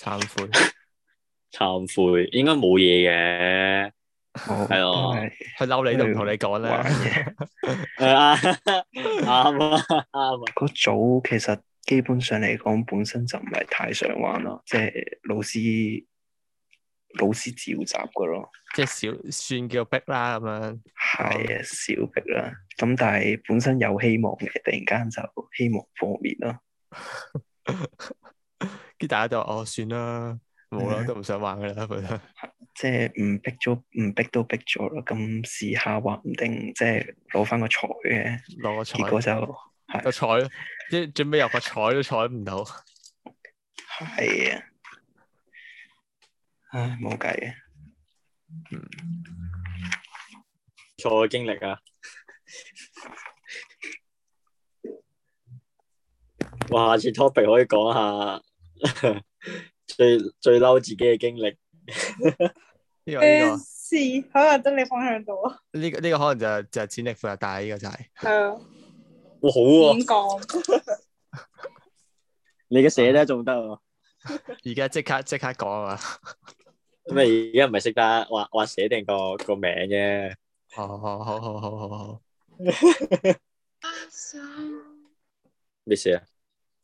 懺悔，懺悔應該冇嘢嘅，係咯、哦，佢嬲你都唔同你講咧。啱啊，啱 *laughs* 為 *laughs* 啊。個組其實基本上嚟講，本身就唔係太想玩咯、啊，即、就、係、是、老師， *laughs* 老，師老師召集噶咯，即係少算叫逼啦，咁樣係啊，少逼啦。咁但係本身有希望嘅，突然間就希望破滅咯。跟 *laughs* 大家就哦，算啦，冇啦，都唔想玩噶啦，覺、嗯、 *laughs* 即係唔逼咗，唔逼都逼咗啦，咁試下，話唔定即係攞翻個彩嘅，攞個彩，嗰時候就個彩，即係最尾入個彩都彩唔到，係 *laughs* 啊，唉，冇計嘅，錯、嗯、嘅經歷啊。 *laughs* 我下次 topic 可以講下最最嬲自己嘅經歷。誒，是，可能真你方向度啊。呢個呢個可能就就潛力股啊，但係呢個就係係是啊。哇，好啊。點講？你嘅寫、啊 *laughs* 啊、 *laughs* 得仲得啊？而家即刻即刻講啊？咁你而家唔係識得話話寫定個個名啫。 *laughs* 好好好，哦哦哦哦。咩事啊？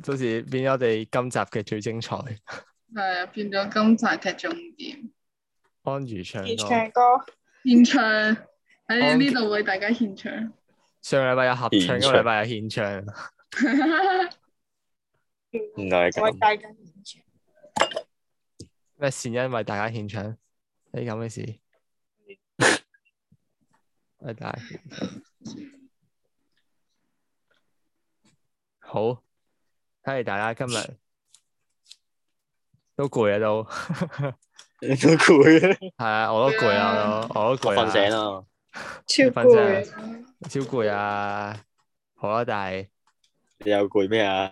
到時變咗我哋今集嘅最精彩，係啊，變咗今集嘅重點。安茹唱歌，獻唱，喺呢度為大家獻唱。上禮拜有合唱，今個禮拜有獻唱。唔係咁，咩善恩為大家獻唱？呢啲咁嘅事，為大家好。睇嚟大家今日都攰啊，都，你都攰咧？係啊，我都攰啊，我都攰，瞓醒咯，超瞓醒，超攰啊！好啊，但係你又攰咩啊？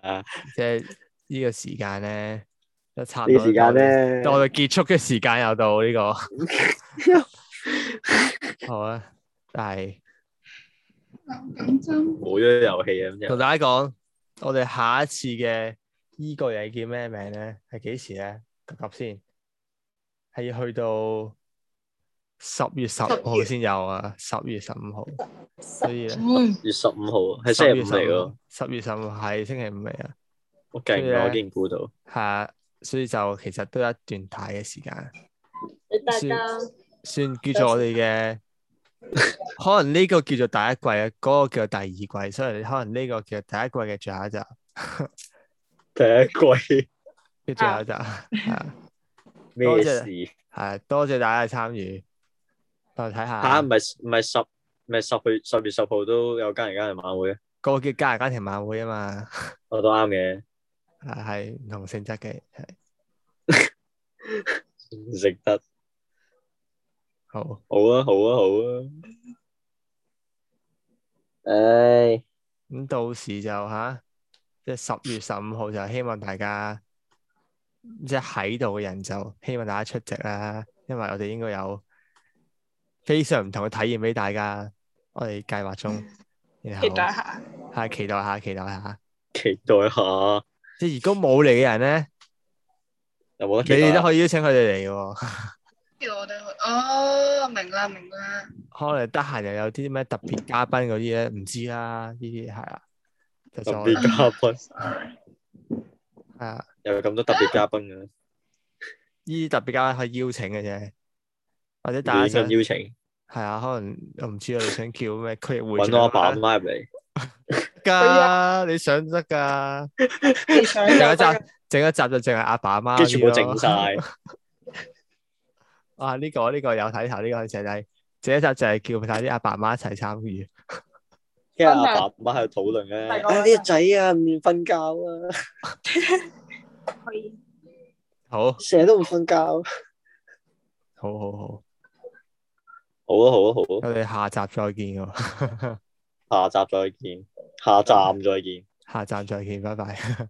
即係呢個時間咧，一差唔多時間咧，到我哋結束嘅時間又到呢個，好啊，但係好緊張，冇咗遊戲啊！同大家講。我哋下一次嘅、這個、呢個嘢叫咩名咧？係幾時咧？及及先，係要去到十月十號先有啊！十月十五號，十月十五號啊，係、嗯、星期五嚟嘅、啊。十月十五係星期五嚟啊！以我記唔到，我記唔到到。係啊，所以就其實都有一段太太間大嘅時間。算算叫做我哋嘅。 *laughs* 可能呢個叫做第一季啊，嗰、嗰個叫做第二季，所以你可能呢個叫做第一季嘅最後一集， *laughs* 第一季嘅 *laughs* 最後一集係咩 *laughs* 事？係多，謝 *laughs* 多謝大家嘅參與，我睇下吓，唔係唔係十唔係十月十月十號都有家人家庭晚會啊？嗰個叫家人家庭晚會啊嘛， *laughs* 我都啱嘅，係係唔同性質嘅，係食 *laughs* 得。好，啊，好啊，好啊！誒、 *laughs* 嗯，咁到時就吓，即係十月十五號就希望大家，即係喺度嘅人就希望大家出席啦，因為我哋應該有非常唔同嘅體驗俾大家，我哋計劃中。然後期待下，係期待下，期待下，期待下。期待下即係如果冇嚟嘅人咧，你哋都可以邀請佢哋嚟嘅。叫我哋去哦，明啦明啦，可能得閒又有啲咩特別嘉賓嗰啲咧，唔知啦，呢啲係啊，特別嘉賓係啊，又有咁多特別嘉賓嘅呢？呢啲特別嘉賓可以邀請嘅啫，或者大家想邀請係啊，可能又唔知你想叫咩區域。會，搵我阿爸阿媽入嚟噶，你想得噶，整一集，整一集就淨係阿爸阿媽，跟住全部整晒。啊，呢、這個呢、這個有睇頭，呢、這個成日就一集就係叫佢睇啲阿爸媽一齊參與，跟住阿爸，爸媽喺度討論咧。媽媽哎、啊！啲仔啊，唔願瞓覺啊， *laughs* 以好成日都唔瞓覺。好好好，好啊好啊好，啊！我哋下集再見喎， *laughs* 下集再見，下集再見，下集再見，拜拜。